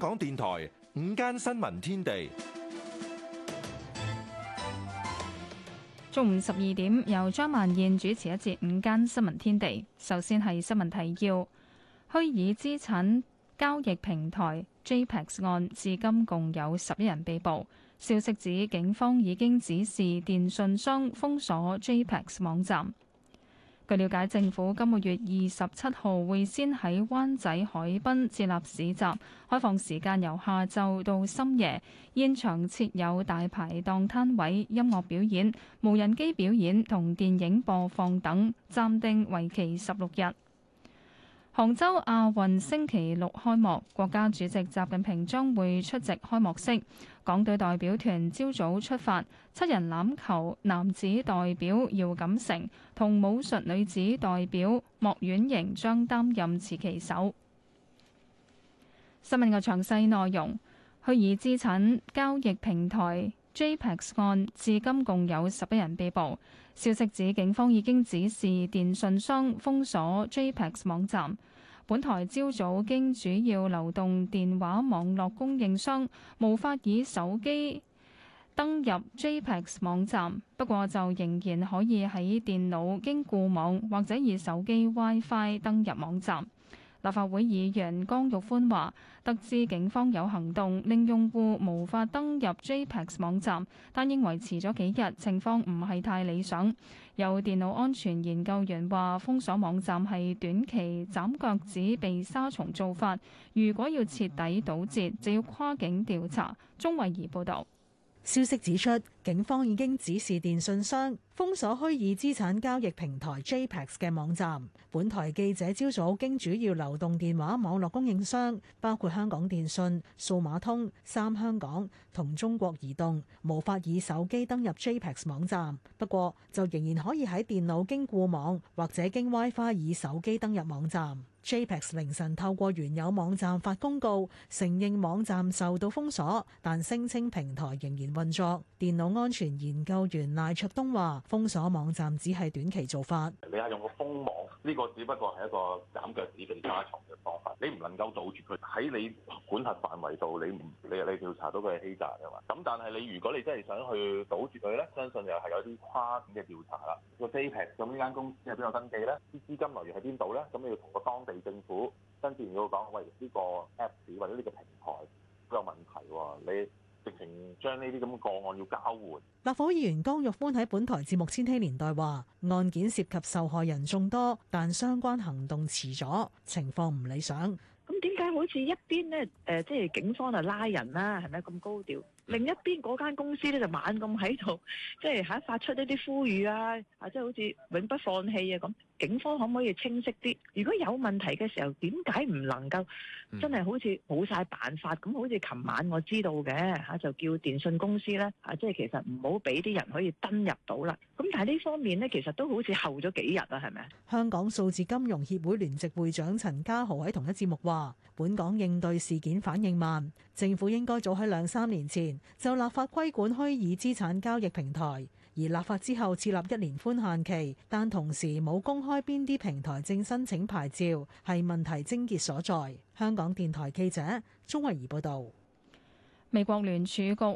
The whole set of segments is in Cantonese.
港電台午間新聞天地，中午十二點由張曼燕主持一節午間新聞天地。首先係新聞提要：虛擬資產交易平台 JPEX 案至今共有十一人被捕。消息指警方已經指示電信商封鎖 JPEX 網站。據了解，政府今個月二十七號會先喺灣仔海濱設立市集，開放時間由下晝到深夜，現場設有大排檔攤位、音樂表演、無人機表演同電影播放等，暫定為期十六日。杭州亞運星期六開幕，國家主席習近平將會出席開幕式。港隊代表團朝早出發，七人欖球男子代表姚錦成同武術女子代表莫婉瑩將擔任持旗手。新聞嘅詳細內容，虛擬資產交易平台 JPEX 案至今共有十一人被捕。消息指警方已經指示電訊商封鎖 JPEX 網站。本台朝早經主要流動電話網絡供應商無法以手機登入 JPEX 網站，不過就仍然可以喺電腦經固網或者以手機 WiFi 登入網站。立法會議員江玉歡話：得知警方有行動令用戶無法登入 JPEX 網站，但認為遲咗幾日，情況唔係太理想。有電腦安全研究員話：封鎖網站係短期斬腳趾避沙蟲做法，如果要徹底堵截，就要跨境調查。鍾慧儀報導。消息指出，警方已經指示電訊商封鎖虛擬資產交易平台 JPEX 嘅網站。本台記者朝早經主要流動電話網絡供應商，包括香港電訊、數碼通、三香港同中國移動，無法以手機登入 JPEX 網站。不過就仍然可以喺電腦經固網或者經 WiFi 以手機登入網站。JPEX 凌晨透過原有網站發公告，承認網站受到封鎖，但聲稱平台仍然運作。電腦安全研究員賴卓東話：封鎖網站只係短期做法。你係用個封網，呢、這個只不過係一個斬腳趾避沙蟲嘅方法。你唔能夠堵住佢喺你管轄範圍度，你唔你你調查到佢係欺詐嘅嘛。咁但係你如果你真係想去堵住佢咧，相信又係有啲跨境嘅調查啦。個 zip 咁呢間公司喺邊度登記咧？啲資金來源喺邊度咧？咁你要同個當地政府跟住要講，喂呢、這個 app 或者呢個平台都有問題喎，你。疫情將呢啲咁嘅個案要交換。立法會議員江玉歡喺本台節目《千禧年代》話：案件涉及受害人眾多，但相關行動遲咗，情況唔理想。咁點解好似一邊呢？誒，即係警方啊拉人啦，係咪咁高調？另一邊嗰間公司咧就猛咁喺度，即係喺發出一啲呼籲啊，啊，即係好似永不放棄啊咁。警方可唔可以清晰啲？如果有問題嘅時候，點解唔能夠真係好似冇晒辦法咁？好似琴晚我知道嘅，吓，就叫電信公司咧，吓，即係其實唔好俾啲人可以登入到啦。咁但係呢方面咧，其實都好似後咗幾日啊，係咪？香港數字金融協會聯席會長陳家豪喺同一節目話本港應對事件反應慢，政府應該早喺兩三年前就立法規管虛擬資產交易平台。而立法之後設立一年寬限期，但同時冇公開邊啲平台正申請牌照，係問題症結所在。香港電台記者鍾慧儀報導。美國聯儲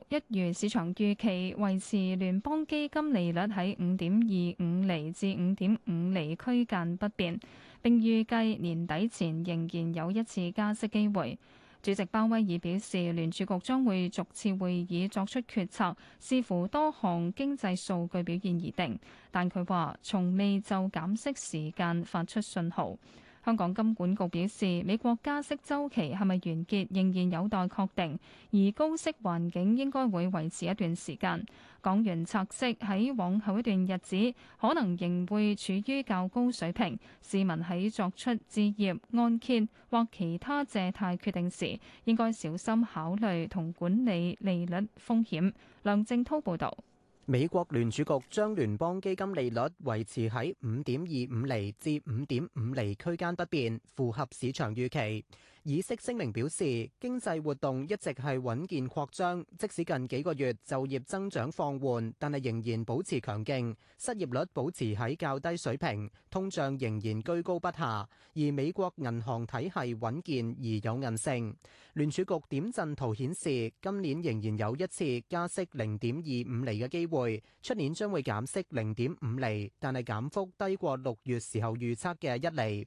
局一如市場預期，維持聯邦基金利率喺五點二五厘至五點五厘區間不變，並預計年底前仍然有一次加息機會。主席鮑威爾表示，聯儲局將會逐次會議作出決策，視乎多項經濟數據表現而定。但佢話從未就減息時間發出信號。香港金管局表示，美國加息周期係咪完結仍然有待確定，而高息環境應該會維持一段時間，港元拆息喺往後一段日子可能仍會處於較高水平。市民喺作出置業按揭或其他借貸決定時應該小心考慮同管理利率風險。梁正濤報道。美國聯儲局將聯邦基金利率維持喺五點二五厘至五點五厘區間不變，符合市場預期。議息聲明表示，經濟活動一直係穩健擴張，即使近幾個月就業增長放緩，但係仍然保持強勁，失業率保持喺較低水平，通脹仍然居高不下。而美國銀行體系穩健而有韌性。聯儲局點陣圖顯示，今年仍然有一次加息零點二五厘嘅機會，出年將會減息零點五厘，但係減幅低過六月時候預測嘅一厘。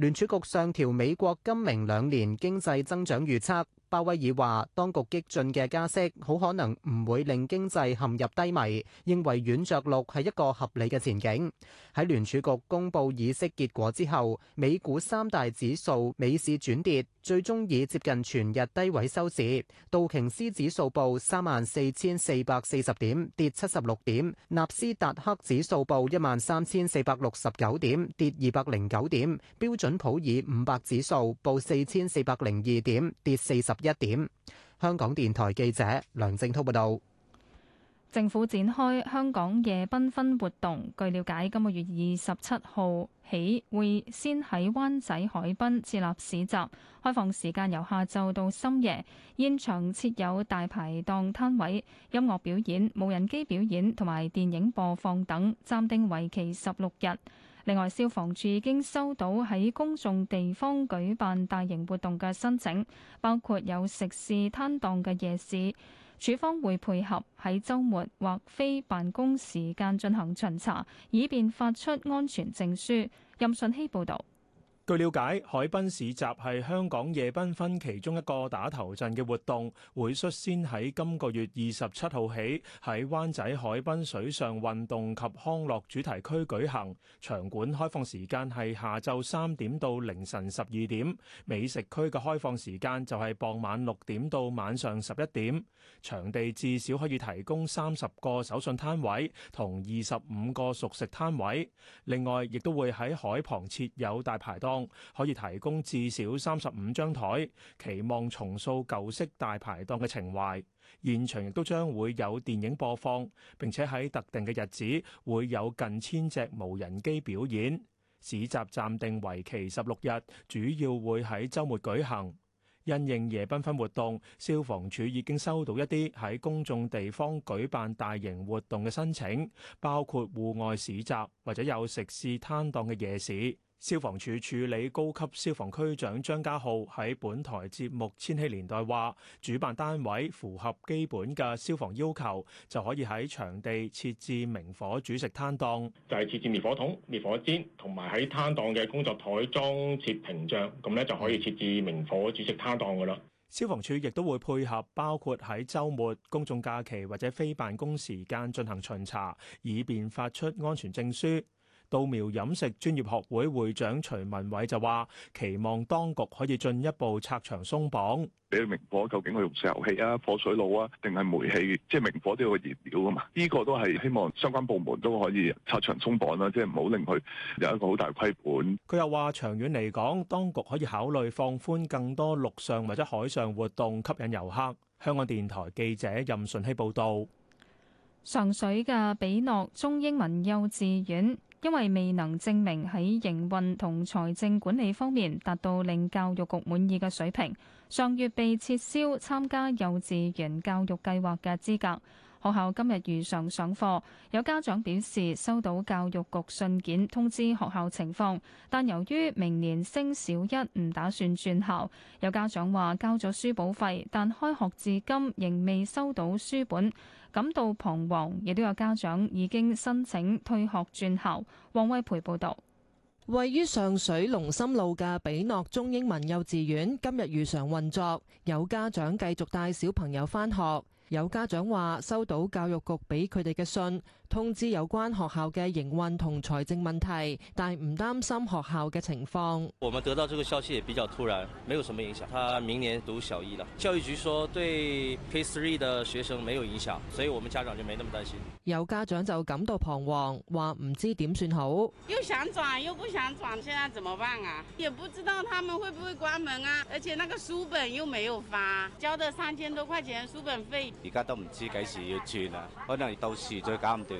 聯儲局上調美國今明兩年經濟增長預測。鮑威爾話：當局激進嘅加息好可能唔會令經濟陷入低迷，認為軟着陸係一個合理嘅前景。喺聯儲局公佈議息結果之後，美股三大指數美市轉跌，最終以接近全日低位收市。道瓊斯指數報三萬四千四百四十點，跌七十六點；納斯達克指數報一萬三千四百六十九點，跌二百零九點；標準普爾五百指數報四千四百零二點，跌四十。一點，香港電台記者梁正濤報道。政府展開香港夜奔奔活動夜繽紛。據了解，今個月二十七號起會先喺灣仔海濱設立市集，開放時間由下晝到深夜。現場設有大排檔攤位、音樂表演、無人機表演同埋電影播放等。暫定為期十六日。另外，消防處已經收到喺公眾地方舉辦大型活動嘅申請，包括有食肆攤檔嘅夜市，處方會配合喺週末或非辦公時間進行巡查，以便發出安全證書。任信希報道。據了解，海濱市集係香港夜繽紛其中一個打頭陣嘅活動，會率先喺今個月二十七號起喺灣仔海濱水上運動及康樂主題區舉行。場館開放時間係下晝三點到凌晨十二點，美食區嘅開放時間就係傍晚六點到晚上十一點。場地至少可以提供三十個手信攤位同二十五個熟食攤位，另外亦都會喺海旁設有大排檔。可以提供至少三十五張台，期望重塑舊式大排檔嘅情懷。現場亦都將會有電影播放，並且喺特定嘅日子會有近千隻無人機表演。市集暫定為期十六日，主要會喺周末舉行。因應夜繽紛活動，消防處已經收到一啲喺公眾地方舉辦大型活動嘅申請，包括戶外市集或者有食肆攤檔嘅夜市。消防處處理高級消防區長張家浩喺本台節目《千禧年代》話，主辦單位符合基本嘅消防要求，就可以喺場地設置明火煮食攤檔，就係設置滅火筒、滅火氈，同埋喺攤檔嘅工作台裝設屏障，咁咧就可以設置明火煮食攤檔噶啦。消防處亦都會配合，包括喺週末、公眾假期或者非辦公時間進行巡查，以便發出安全證書。稻苗飲食專業學會會長徐文偉就話：期望當局可以進一步拆牆鬆綁，畀明火究竟佢用石油氣啊、火水爐啊，定係煤氣？即係明火都要個熱表啊嘛。呢、這個都係希望相關部門都可以拆牆鬆綁啦、啊，即係唔好令佢有一個好大虧本。佢又話：長遠嚟講，當局可以考慮放寬更多陸上或者海上活動，吸引遊客。香港電台記者任順熙報導。上水嘅比諾中英文幼稚園。因為未能證明喺營運同財政管理方面達到令教育局滿意嘅水平，上月被撤銷參加幼稚園教育計劃嘅資格。學校今日如常上課，有家長表示收到教育局信件通知學校情況，但由於明年升小一唔打算轉校。有家長話交咗書簿費，但開學至今仍未收到書本，感到彷徨。亦都有家長已經申請退學轉校。王威培報導。位於上水龍心路嘅比諾中英文幼稚園今日如常運作，有家長繼續帶小朋友返學。有家長話收到教育局俾佢哋嘅信。通知有關學校嘅營運同財政問題，但係唔擔心學校嘅情況。我們得到這個消息也比較突然，沒有什麼影響。他明年讀小一啦。教育局說對 K3 的學生沒有影響，所以我們家長就沒那麼擔心。有家長就感到彷徨，話唔知點算好。又想轉又不想轉，現在怎麼辦啊？也不知道他們會不會關門啊？而且那個書本又沒有發，交的三千多塊錢書本費。而家都唔知幾時要轉啊？可能你到時再搞唔掂。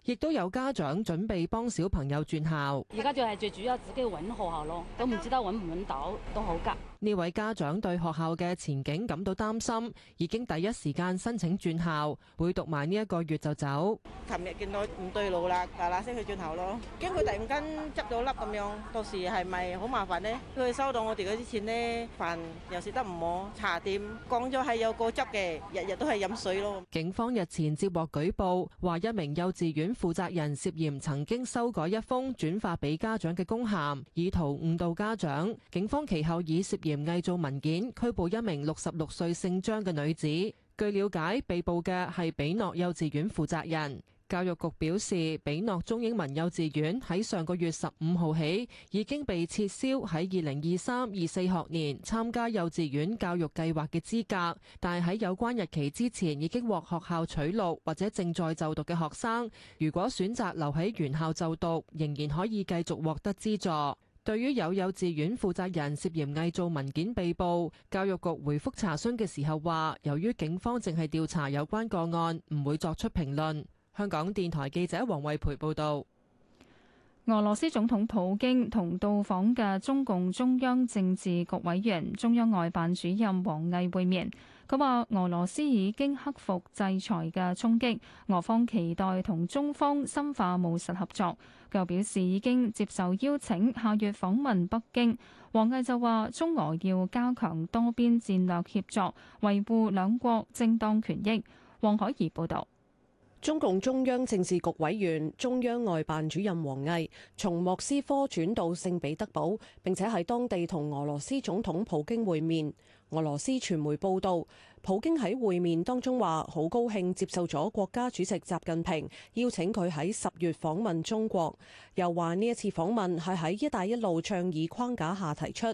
亦都有家長準備幫小朋友轉校，而家就係最主要自己揾學校咯，都唔知道揾唔揾到都好急。呢位家長對學校嘅前景感到擔心，已經第一時間申請轉校，會讀埋呢一個月就走。琴日見到唔對路啦，嗱嗱聲去轉頭咯，驚佢突然間執到粒咁樣，到時係咪好麻煩咧？佢收到我哋嗰啲錢咧，飯又食得唔好，茶點講咗係有過質嘅，日日都係飲水咯。警方日前接獲舉報，話一名幼稚園。負責人涉嫌曾經修改一封轉發俾家長嘅公函，以圖誤導家長。警方其後以涉嫌偽造文件拘捕一名六十六歲姓張嘅女子。據了解，被捕嘅係比諾幼稚園負責人。教育局表示，比諾中英文幼稚園喺上個月十五號起已經被撤銷喺二零二三二四學年參加幼稚園教育計劃嘅資格。但係喺有關日期之前已經獲學校取錄或者正在就讀嘅學生，如果選擇留喺原校就讀，仍然可以繼續獲得資助。對於有幼稚園負責人涉嫌偽造文件被捕，教育局回覆查詢嘅時候話，由於警方淨係調查有關個案，唔會作出評論。香港電台記者王慧培報道，俄羅斯總統普京同到訪嘅中共中央政治局委員、中央外辦主任王毅會面。佢話俄羅斯已經克服制裁嘅衝擊，俄方期待同中方深化務實合作。佢又表示已經接受邀請，下月訪問北京。王毅就話中俄要加強多邊戰略協作，維護兩國正當權益。王海怡報道。中共中央政治局委員、中央外辦主任王毅從莫斯科轉到聖彼得堡，並且喺當地同俄羅斯總統普京會面。俄羅斯傳媒報道。普京喺會面當中話：好高興接受咗國家主席習近平邀請，佢喺十月訪問中國。又話呢一次訪問係喺「一帶一路」倡議框架下提出，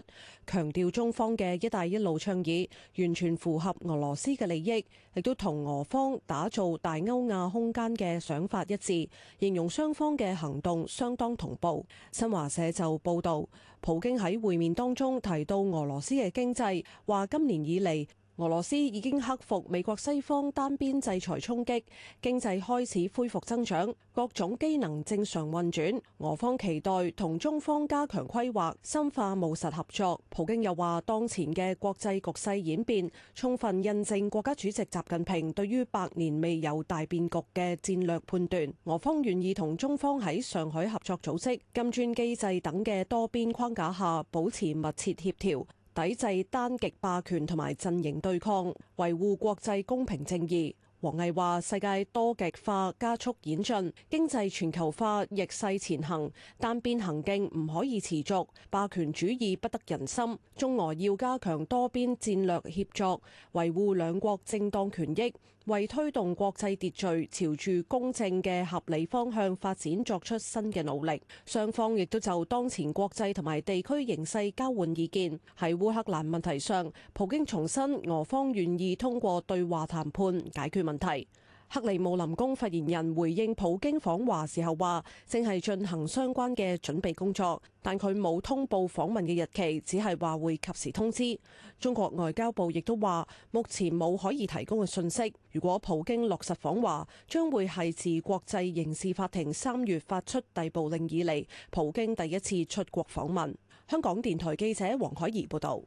強調中方嘅「一帶一路」倡議完全符合俄羅斯嘅利益，亦都同俄方打造大歐亞空間嘅想法一致。形容雙方嘅行動相當同步。新華社就報導，普京喺會面當中提到俄羅斯嘅經濟，話今年以嚟。俄羅斯已經克服美國西方單邊制裁衝擊，經濟開始恢復增長，各種機能正常運轉。俄方期待同中方加強規劃、深化務實合作。普京又話：當前嘅國際局勢演變，充分印證國家主席習近平對於百年未有大變局嘅戰略判斷。俄方願意同中方喺上海合作組織、金磚機制等嘅多邊框架下保持密切協調。抵制單極霸權同埋陣營對抗，維護國際公平正義。王毅話，世界多極化加速演進，經濟全球化逆勢前行，單邊行徑唔可以持續，霸權主義不得人心。中俄要加強多邊戰略協作，維護兩國正當權益。為推動國際秩序，朝住公正嘅合理方向發展作出新嘅努力，雙方亦都就當前國際同埋地區形勢交換意見。喺烏克蘭問題上，普京重申俄方願意通過對話談判解決問題。克里姆林宮發言人回應普京訪華時候話，正係進行相關嘅準備工作，但佢冇通報訪問嘅日期，只係話會及時通知。中國外交部亦都話，目前冇可以提供嘅信息。如果普京落實訪華，將會係自國際刑事法庭三月發出逮捕令以嚟，普京第一次出國訪問。香港電台記者黃海怡報道。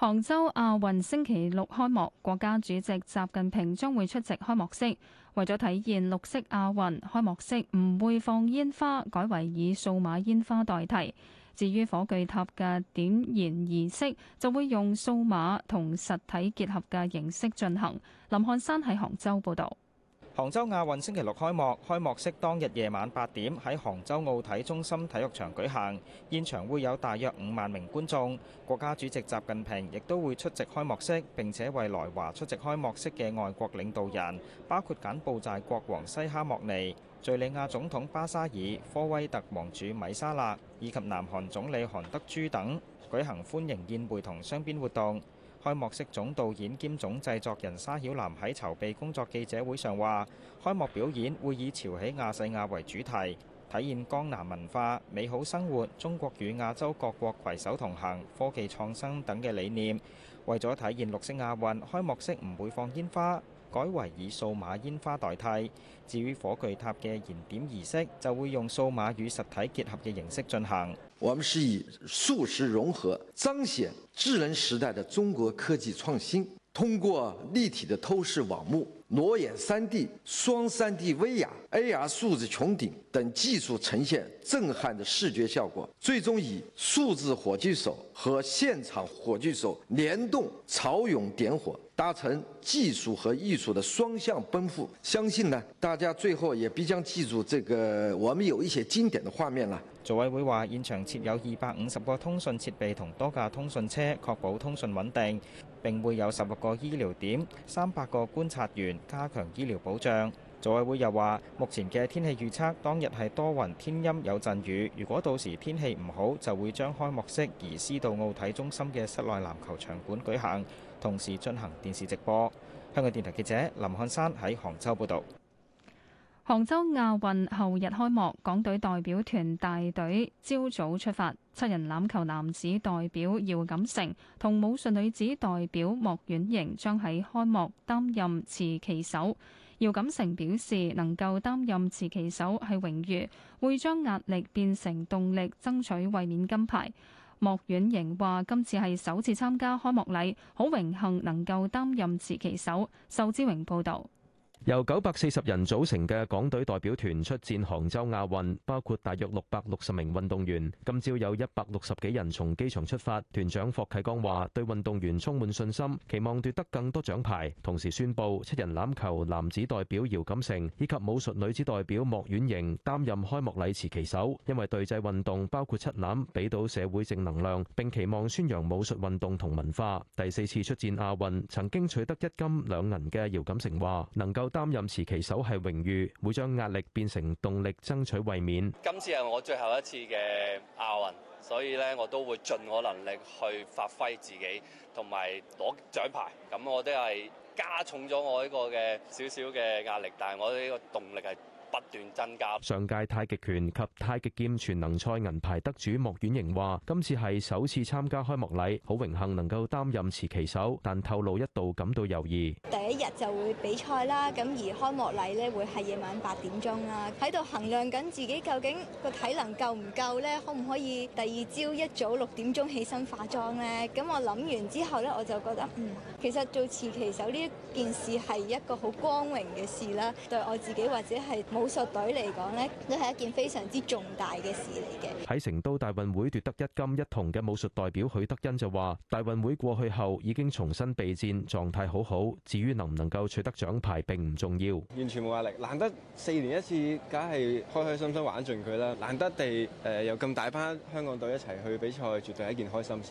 杭州亞運星期六開幕，國家主席習近平將會出席開幕式。為咗體現綠色亞運，開幕式唔會放煙花，改為以數碼煙花代替。至於火炬塔嘅點燃儀式，就會用數碼同實體結合嘅形式進行。林漢山喺杭州報導。杭州亞運星期六開幕，開幕式當日夜晚八點喺杭州奧體中心體育場舉行，現場會有大約五萬名觀眾。國家主席習近平亦都會出席開幕式，並且為來華出席開幕式嘅外國領導人，包括柬埔寨國王西哈莫尼、敍利亞總統巴沙爾、科威特王儲米沙勒以及南韓總理韓德洙等，舉行歡迎宴會同雙邊活動。開幕式總導演兼總製作人沙曉南喺籌備工作記者會上話：開幕表演會以潮起亞細亞為主題，體現江南文化、美好生活、中國與亞洲各國攜手同行、科技創新等嘅理念。為咗體現綠色亞運，開幕式唔會放煙花，改為以數碼煙花代替。至於火炬塔嘅燃點儀式，就會用數碼與實體結合嘅形式進行。我們是以數實融合，彰顯智能時代的中國科技創新，通過立體的透視網幕。裸眼 3D、雙 3D 威亞、AR 數字穹頂等技術呈現震撼的視覺效果，最終以數字火炬手和現場火炬手聯動潮湧點火，達成技術和藝術的雙向奔赴。相信呢，大家最後也必將記住這個，我們有一些經典的畫面啦。組委會話，現場設有二百五十個通訊設備同多架通訊車，確保通訊穩定。並會有十六個醫療點、三百個觀察員，加強醫療保障。組委會又話，目前嘅天氣預測當日係多雲天陰有陣雨，如果到時天氣唔好，就會將開幕式移師到奧體中心嘅室內籃球場館舉行，同時進行電視直播。香港電台記者林漢山喺杭州報導。杭州亞運後日開幕，港隊代表團大隊朝早出發。七人欖球男子代表姚錦成同武術女子代表莫婉瑩將喺開幕擔任持旗手。姚錦成表示，能夠擔任持旗手係榮譽，會將壓力變成動力，爭取衛冕金牌。莫婉瑩話：今次係首次參加開幕禮，好榮幸能夠擔任持旗手。秀之榮報道。由九百四十人組成嘅港隊代表團出戰杭州亞運，包括大約六百六十名運動員。今朝有一百六十幾人從機場出發。團長霍啟剛話，對運動員充滿信心，期望奪得更多獎牌。同時宣布，七人欖球男子代表姚錦成以及武術女子代表莫婉瑩擔任開幕禮持旗手。因為隊際運動包括七欖，俾到社會正能量，並期望宣揚武術運動同文化。第四次出戰亞運，曾經取得一金兩銀嘅姚錦成話，能夠。擔任持旗手係榮譽，會將壓力變成動力，爭取衛冕。今次係我最後一次嘅亞運，所以咧，我都會盡我能力去發揮自己，同埋攞獎牌。咁我都係加重咗我呢個嘅少少嘅壓力，但係我呢個動力係。不斷增加。上屆太極拳及太極劍全能賽銀牌得主莫婉瑩話：今次係首次參加開幕禮，好榮幸能夠擔任持旗手，但透露一度感到猶豫。第一日就會比賽啦，咁而開幕禮呢會係夜晚八點鐘啦，喺度衡量緊自己究竟個體能夠唔夠呢，可唔可以第二朝一早六點鐘起身化妝呢？咁我諗完之後呢，我就覺得嗯，其實做持旗手呢一件事係一個好光榮嘅事啦，對我自己或者係。武術隊嚟講呢，都係一件非常之重大嘅事嚟嘅。喺成都大運會奪得一金一銅嘅武術代表許德恩就話，大運會過去後已經重新備戰，狀態好好。至於能唔能夠取得獎牌並唔重要，完全冇壓力。難得四年一次，梗係開開心心玩盡佢啦。難得地誒又咁大班香港隊一齊去比賽，絕對係一件開心事。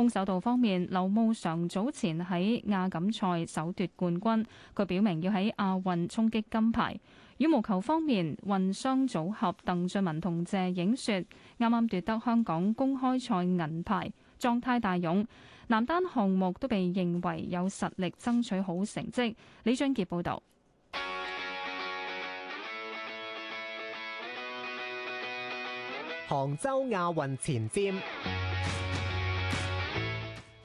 空手道方面，劉慕裳早前喺亞錦賽首奪冠軍，佢表明要喺亞運沖擊金牌。羽毛球方面，混雙組合鄧俊文同謝影雪啱啱奪得香港公開賽銀牌，狀態大勇。男單項目都被認為有實力爭取好成績。李俊杰報道。杭州亞運前瞻。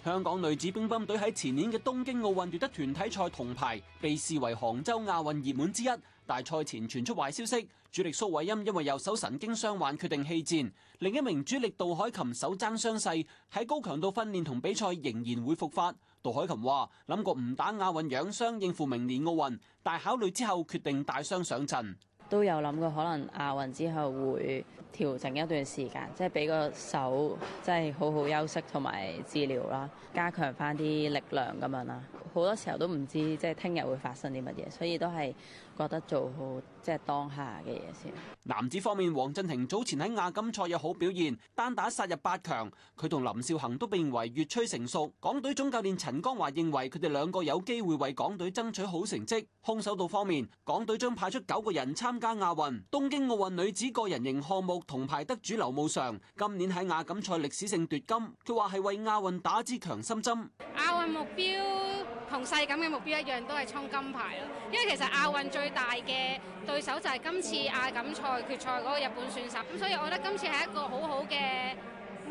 香港女子乒乓隊喺前年嘅東京奧運奪得團體賽銅牌，被視為杭州亞運熱門之一。大賽前傳出壞消息，主力蘇慧音因為右手神經傷患決定棄戰；另一名主力杜凱琴手踭傷勢喺高強度訓練同比賽仍然會復發。杜凱琴話：諗過唔打亞運養傷應付明年奧運，但考慮之後決定帶傷上陣。都有諗過，可能亞運之後會調整一段時間，即係俾個手即係好好休息同埋治療啦，加強返啲力量咁樣啦。好多時候都唔知即係聽日會發生啲乜嘢，所以都係覺得做好即係當下嘅嘢先。男子方面，黃鎮廷早前喺亞錦賽有好表現，單打殺入八強，佢同林少恒都被認為越趨成熟。港隊總教練陳江華認為，佢哋兩個有機會為港隊爭取好成績。空手道方面，港隊將派出九個人參加亞運，東京奧運女子個人型項目銅牌得主劉慕裳，今年喺亞錦賽歷史性奪金，佢話係為亞運打支強心針。亞運目標同世錦嘅目標一樣，都係衝金牌咯。因為其實亞運最大嘅。對手就係今次亞錦賽決賽嗰個日本選手，咁所以我覺得今次係一個好好嘅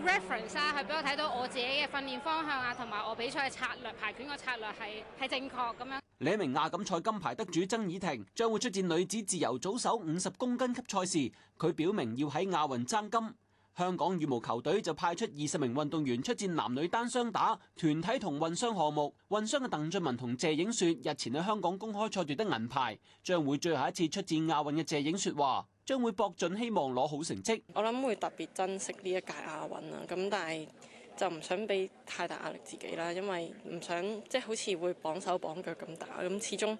reference 啊，係俾我睇到我自己嘅訓練方向啊，同埋我比賽嘅策略排拳嘅策略係係正確咁樣。另一名亞錦賽金牌得主曾倚婷將會出戰女子自由組手五十公斤級賽事，佢表明要喺亞運爭金。香港羽毛球隊就派出二十名運動員出戰男女單雙打、團體同混雙項目。混雙嘅鄧俊文同謝影雪日前喺香港公開賽奪得銀牌，將會最後一次出戰亞運嘅謝影雪話將會搏盡希望攞好成績。我諗會特別珍惜呢一屆亞運啊，咁但係就唔想俾太大壓力自己啦，因為唔想即係、就是、好似會綁手綁腳咁打，咁始終。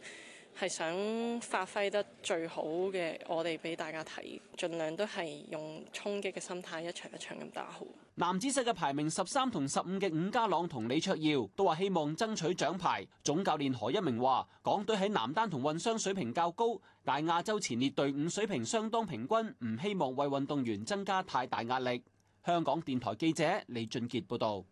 係想發揮得最好嘅，我哋俾大家睇，儘量都係用衝擊嘅心態一場一場咁打好。男子世界排名十三同十五嘅伍家朗同李卓耀都話希望爭取獎牌。總教練何一鳴話：港隊喺男單同混雙水平較高，但亞洲前列隊伍水平相當平均，唔希望為運動員增加太大壓力。香港電台記者李俊傑報導。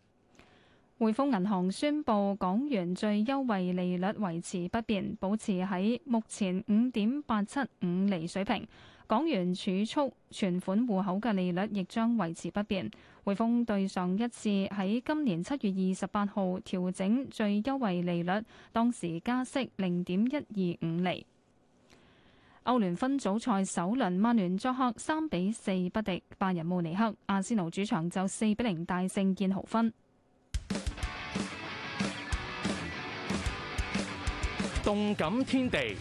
匯豐銀行宣佈，港元最優惠利率維持不變，保持喺目前五點八七五厘水平。港元儲蓄存款戶口嘅利率亦將維持不變。匯豐對上一次喺今年七月二十八號調整最優惠利率，當時加息零點一二五厘。歐聯分組賽首輪，曼聯作客三比四不敵拜仁慕尼黑，阿仙奴主場就四比零大勝燕豪芬。動感天地，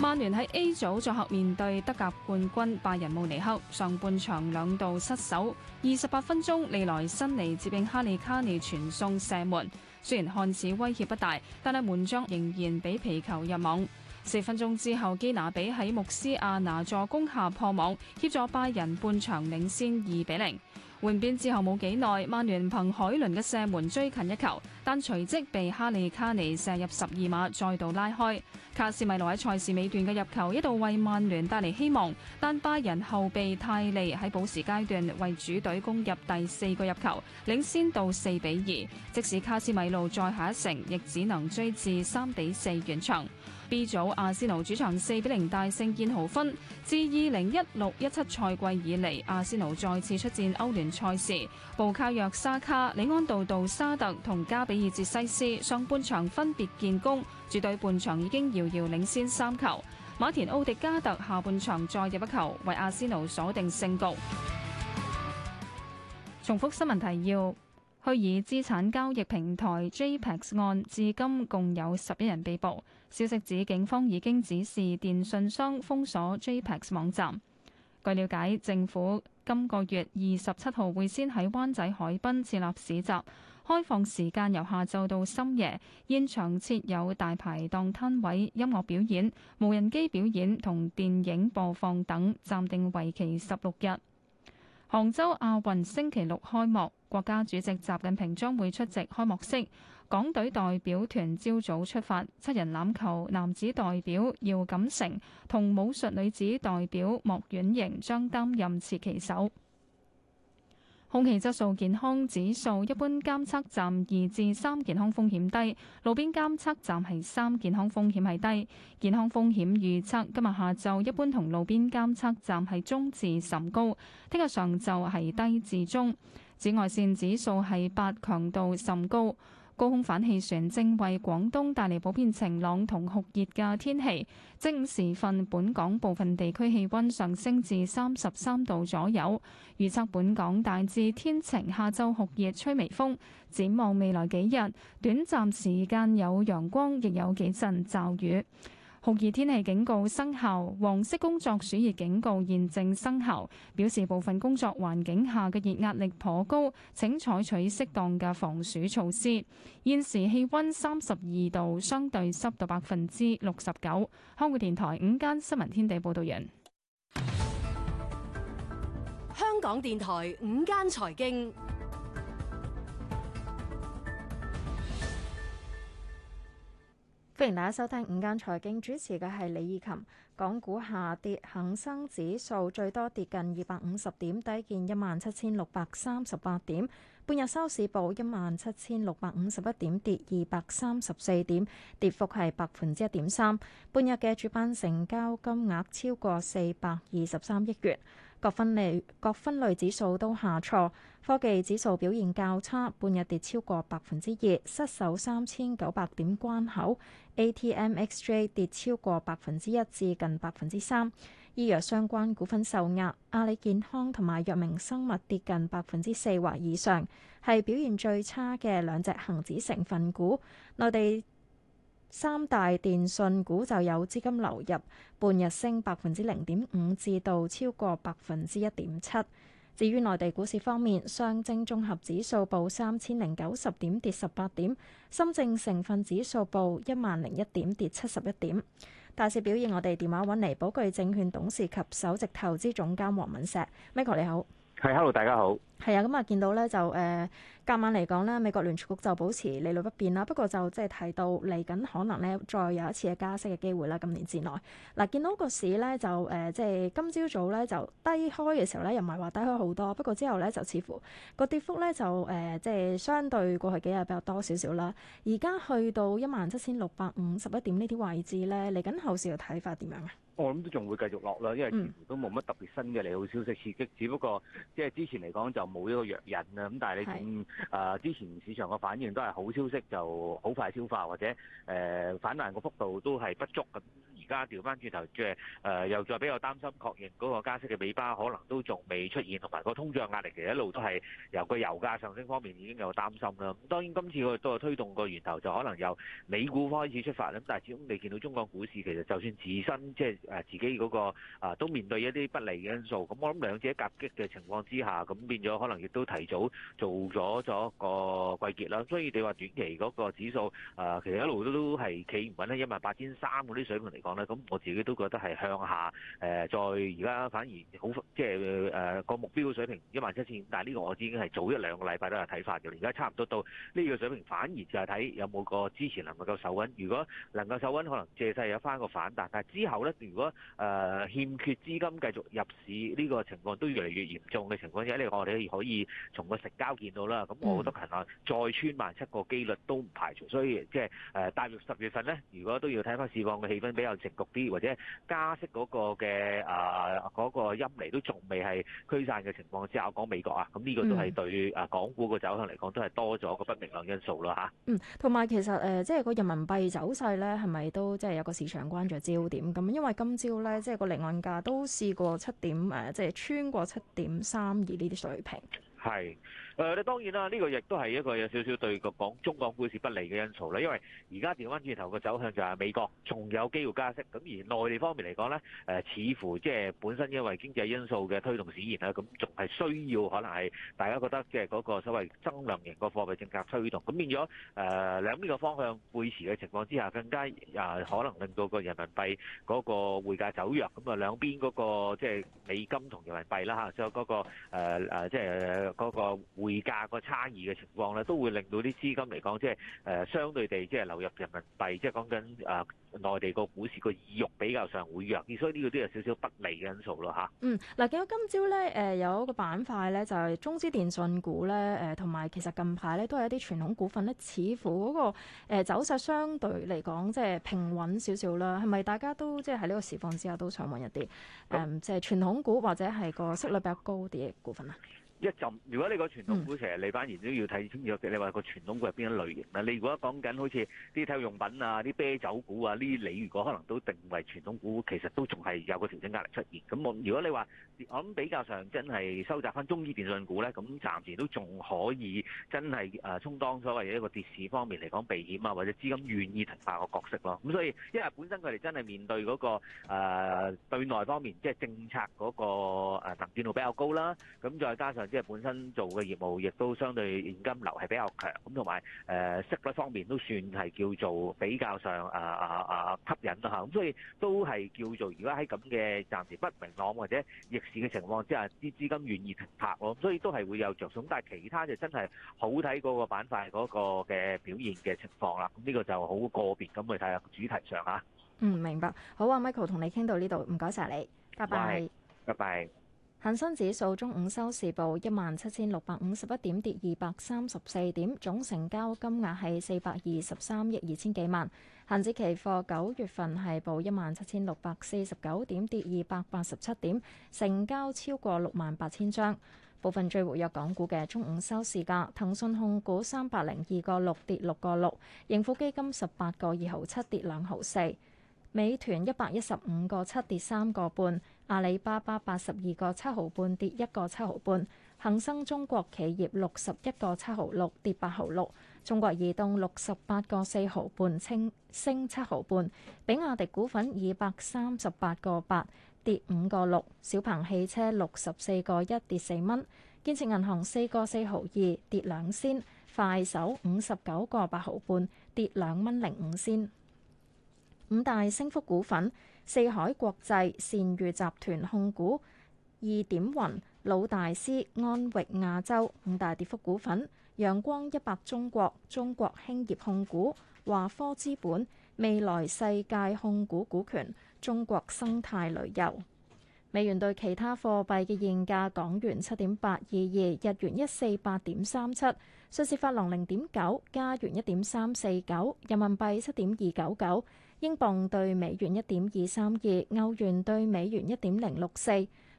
曼聯喺 A 組作客面對德甲冠軍拜仁慕尼黑，上半場兩度失守。二十八分鐘，利萊辛尼接應哈利卡尼傳送射門，雖然看似威脅不大，但係門將仍然俾皮球入網。四分鐘之後，基拿比喺穆斯亞拿助攻下破網，協助拜仁半場領先二比零。換邊之後冇幾耐，曼聯憑海倫嘅射門追近一球，但隨即被哈利卡尼射入十二碼，再度拉開。卡斯米路喺賽事尾段嘅入球一度為曼聯帶嚟希望，但拜仁後備泰利喺補時階段為主隊攻入第四個入球，領先到四比二。即使卡斯米路再下一城，亦只能追至三比四完場。B 組阿仙奴主場四比零大勝燕豪芬，自二零一六一七賽季以嚟，阿仙奴再次出戰歐聯賽事。布卡約沙卡、里安度度沙特同加比爾捷西斯上半場分別建功，主隊半場已經遙遙領先三球。馬田奧迪加特下半場再入一球，為阿仙奴鎖定勝局。重複新聞提要：虛擬資產交易平台 JPEX 案至今共有十一人被捕。消息指警方已經指示電信商封鎖 JPEX 網站。據了解，政府今個月二十七號會先喺灣仔海濱設立市集，開放時間由下晝到深夜，現場設有大排檔攤位、音樂表演、無人機表演同電影播放等，暫定為期十六日。杭州亞運星期六開幕，國家主席習近平將會出席開幕式。港隊代表團朝早出發，七人欖球男子代表姚錦成同武術女子代表莫婉瑩將擔任持旗手。空氣質素健康指數一般監測站二至三，健康風險低；路邊監測站係三，健康風險係低。健康風險預測今日下晝一般同路邊監測站係中至甚高，聽日上晝係低至中。紫外線指數係八，強度甚高。高空反氣旋正為廣東帶嚟普遍晴朗同酷熱嘅天氣，正午時分本港部分地區氣温上升至三十三度左右。預測本港大致天晴，下晝酷熱，吹微風。展望未來幾日，短暫時間有陽光，亦有幾陣驟雨。酷熱天氣警告生效，黃色工作暑熱警告現正生效，表示部分工作環境下嘅熱壓力頗高，請採取適當嘅防暑措施。現時氣溫三十二度，相對濕度百分之六十九。香港電台午間新聞天地報道員，香港電台午間財經。歡迎大家收聽午間財經，主持嘅係李以琴。港股下跌，恒生指數最多跌近二百五十點，低見一萬七千六百三十八點。半日收市報一萬七千六百五十一點，跌二百三十四點，跌幅係百分之一點三。半日嘅主板成交金額超過四百二十三億元。各分類各分類指數都下挫，科技指數表現較差，半日跌超過百分之二，失守三千九百點關口。ATMXJ 跌超過百分之一至近百分之三，醫藥相關股份受壓，阿里健康同埋藥明生物跌近百分之四或以上，係表現最差嘅兩隻恒指成分股。內地三大電訊股就有資金流入，半日升百分之零點五，至到超過百分之一點七。至於內地股市方面，上證綜合指數報三千零九十點，跌十八點，深證成分指數報一萬零一點，跌七十一點。大市表現，我哋電話揾嚟，寶具證券董事及首席投資總監黃敏石，Michael 你好，係、hey，hello，大家好。係啊，咁啊，見到咧就誒、呃，隔晚嚟講咧，美國聯儲局就保持利率不變啦。不過就即係睇到嚟緊可能咧，再有一次嘅加息嘅機會啦，今年之內。嗱、啊，見到個市咧就誒、呃，即係今朝早咧就低開嘅時候咧，又唔係話低開好多。不過之後咧就似乎個跌幅咧就誒、呃，即係相對過去幾日比較多少少啦。而家去到一萬七千六百五十一點呢啲位置咧，嚟緊後市嘅睇法點樣啊？我諗都仲會繼續落啦，因為似乎都冇乜特別新嘅利好消息刺激，嗯、只不過即係之前嚟講就冇一個藥引啦。咁但係你仲啊是的、呃，之前市場個反應都係好消息就好快消化，或者誒、呃、反彈個幅度都係不足嘅。而家調翻轉頭，即係誒又再比較擔心確認嗰個加息嘅尾巴可能都仲未出現，同埋個通脹壓力其實一路都係由個油價上升方面已經有擔心啦。咁當然今次個個推動個源頭就可能由美股開始出發啦。咁但係始終你見到中國股市其實就算自身即係誒自己嗰個啊都面對一啲不利嘅因素。咁我諗兩者夾擊嘅情況之下，咁變咗可能亦都提早做咗咗個季結啦。所以你話短期嗰個指數啊，其實一路都都係企唔穩喺一萬八千三嗰啲水平嚟講。咁我自己都覺得係向下，誒、呃，再而家反而好，即係誒個目標水平一萬七千。但係呢個我已經係早一兩個禮拜都有睇法嘅，而家差唔多到呢、這個水平，反而就係睇有冇個之前能夠受穩。如果能夠受穩，可能借勢有翻個反彈，但係之後咧，如果誒、呃、欠缺資金繼續入市呢、這個情況都越嚟越嚴重嘅情況，之下呢我哋可以從個成交見到啦。咁我覺得近下再穿萬七個機率都唔排除，所以即係誒大約十月份咧，如果都要睇翻市況嘅氣氛比較局啲或者加息嗰個嘅誒嗰個陰嚟都仲未係驅散嘅情況之下，講美國啊，咁呢個都係對誒港股個走向嚟講都係多咗個不明朗因素咯嚇。嗯，同埋其實誒，即係個人民幣走勢咧，係咪都即係有個市場關注焦點咁？因為今朝咧，即係個離岸價都試過七點誒，即係穿過七點三二呢啲水平。係。誒，你、呃、當然啦，呢、這個亦都係一個有少少對個講中港股市不利嘅因素啦。因為而家調翻轉頭個走向就係美國仲有機會加息，咁而內地方面嚟講咧，誒、呃，似乎即係本身因為經濟因素嘅推動使然，啦、嗯，咁仲係需要可能係大家覺得即係嗰個所謂增量型個貨幣政策推動。咁、嗯、變咗誒兩邊個方向背馳嘅情況之下，更加啊可能令到個人民幣嗰個匯價走弱。咁、嗯那個就是、啊，兩邊嗰個即係美金同人民幣啦嚇，再、呃、嗰、就是那個誒即係嗰個匯匯價個差異嘅情況咧，都會令到啲資金嚟講，即係誒、呃、相對地，即係流入人民幣，即係講緊誒內地個股市個意欲比較上會弱，所以呢個都有少少不利嘅因素咯吓，啊、嗯，嗱見到今朝咧誒有一個板塊咧就係、是、中資電信股咧誒，同、呃、埋其實近排咧都係一啲傳統股份咧，似乎嗰、那個、呃、走勢相對嚟講即係平穩少少啦。係咪大家都即係喺呢個時況之下都想搵一啲誒，即係、嗯嗯就是、傳統股或者係個息率比較高啲嘅股份啊？一陣，如果你個傳統股其實你反而都要睇清楚，你話個傳統股係邊一類型啦？你如果講緊好似啲體育用品啊、啲啤酒股啊呢啲，你如果可能都定為傳統股，其實都仲係有個調整壓力出現。咁我如果你話我諗比較上真係收集翻中醫電訊股咧，咁暫時都仲可以真係誒充當所謂一個跌市方面嚟講避險啊，或者資金願意停發個角色咯。咁所以因為本身佢哋真係面對嗰個誒對內方面，即係政策嗰個誒能見度比較高啦，咁再加上。即係本身做嘅業務，亦都相對現金流係比較強，咁同埋誒息率方面都算係叫做比較上啊啊啊吸引啦嚇，咁所以都係叫做如果喺咁嘅暫時不明朗或者逆市嘅情況之下，啲資金願意停泊咯，咁所以都係會有着數。但係其他就真係好睇嗰個板塊嗰個嘅表現嘅情況啦。咁、這、呢個就好個別咁去睇下主題上嚇。嗯，明白。好啊，Michael 同你傾到呢度，唔該晒你，拜拜。拜拜。恒生指數中午收市報一萬七千六百五十一點，跌二百三十四點，總成交金額係四百二十三億二千幾萬。恒指期貨九月份係報一萬七千六百四十九點，跌二百八十七點，成交超過六萬八千張。部分最活躍港股嘅中午收市價：騰訊控股三百零二個六跌六個六，盈富基金十八個二毫七跌兩毫四，美團一百一十五個七跌三個半。阿里巴巴八十二個七毫半跌一個七毫半，恒生中國企業六十一個七毫六跌八毫六，中國移動六十八個四毫半升升七毫半，比亞迪股份二百三十八個八跌五個六，小鵬汽車六十四個一跌四蚊，建設銀行四個四毫二跌兩仙，快手五十九個八毫半跌兩蚊零五仙，五大升幅股份。四海國際、善譽集團控股、二點雲、老大師、安域亞洲五大跌幅股份；陽光一百中國、中國興業控股、華科資本、未來世界控股股權、中國生態旅遊。美元對其他貨幣嘅現價：港元七點八二二，日元一四八點三七，瑞士法郎零點九，加元一點三四九，人民幣七點二九九。英鎊兌美元一點二三二，歐元兌美元一點零六四，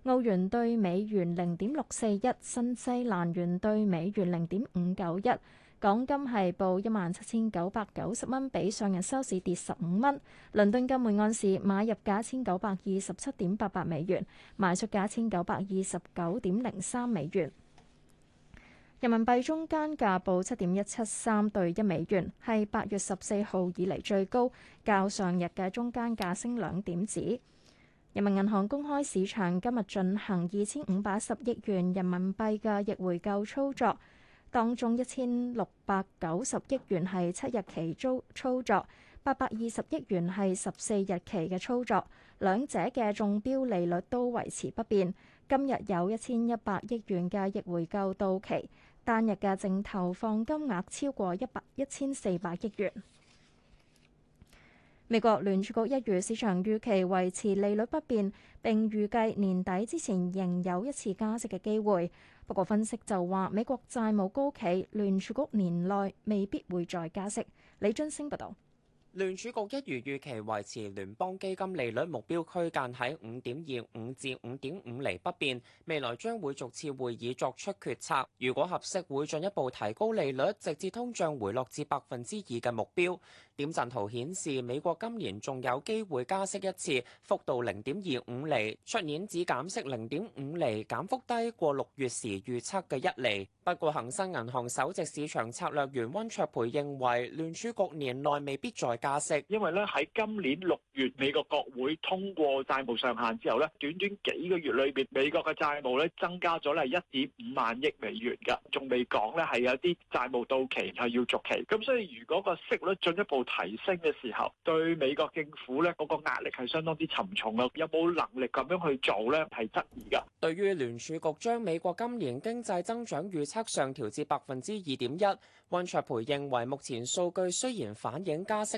澳元兌美元零點六四一，新西蘭元兌美元零點五九一。港金係報一萬七千九百九十蚊，比上日收市跌十五蚊。倫敦金每安士買入價一千九百二十七點八八美元，賣出價一千九百二十九點零三美元。人民幣中間價報七點一七三對一美元，係八月十四號以嚟最高，較上日嘅中間價升兩點子。人民銀行公開市場今日進行二千五百一十億元人民幣嘅逆回購操作，當中一千六百九十億元係七日期租操作，八百二十億元係十四日期嘅操作，兩者嘅中標利率都維持不變。今日有一千一百億元嘅逆回購到期。單日嘅淨投放金額超過一百一千四百億元。美國聯儲局一月市場預期維持利率不變，並預計年底之前仍有一次加息嘅機會。不過分析就話，美國債務高企，聯儲局年內未必會再加息。李津升報道。聯儲局一如預期維持聯邦基金利率目標區間喺五點二五至五點五釐不變，未來將會逐次會議作出決策。如果合適，會進一步提高利率，直至通脹回落至百分之二嘅目標。點陣圖顯示，美國今年仲有機會加息一次，幅度零點二五釐，出年只減息零點五釐，減幅低過六月時預測嘅一釐。不過，恒生銀行首席市場策略員溫卓培認為，聯儲局年內未必再加息，因為咧喺今年六月美國國會通過債務上限之後咧，短短幾個月裏邊美國嘅債務咧增加咗咧一點五萬億美元噶，仲未講咧係有啲債務到期係要續期，咁所以如果個息率進一步提升嘅時候，對美國政府咧嗰個壓力係相當之沉重啊！有冇能力咁樣去做咧係質疑噶，對於聯儲局將美國今年經濟增長預測上調至百分之二點一，温卓培認為目前數據雖然反映加息。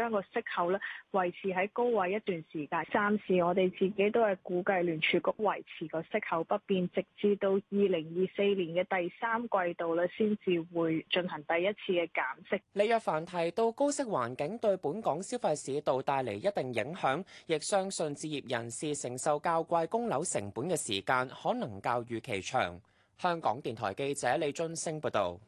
將個息口咧維持喺高位一段時間，暫時我哋自己都係估計聯儲局維持個息口不變，直至到二零二四年嘅第三季度咧，先至會進行第一次嘅減息。李若凡提到高息環境對本港消費市道帶嚟一定影響，亦相信置業人士承受較貴供樓成本嘅時間可能較預期長。香港電台記者李津星報道。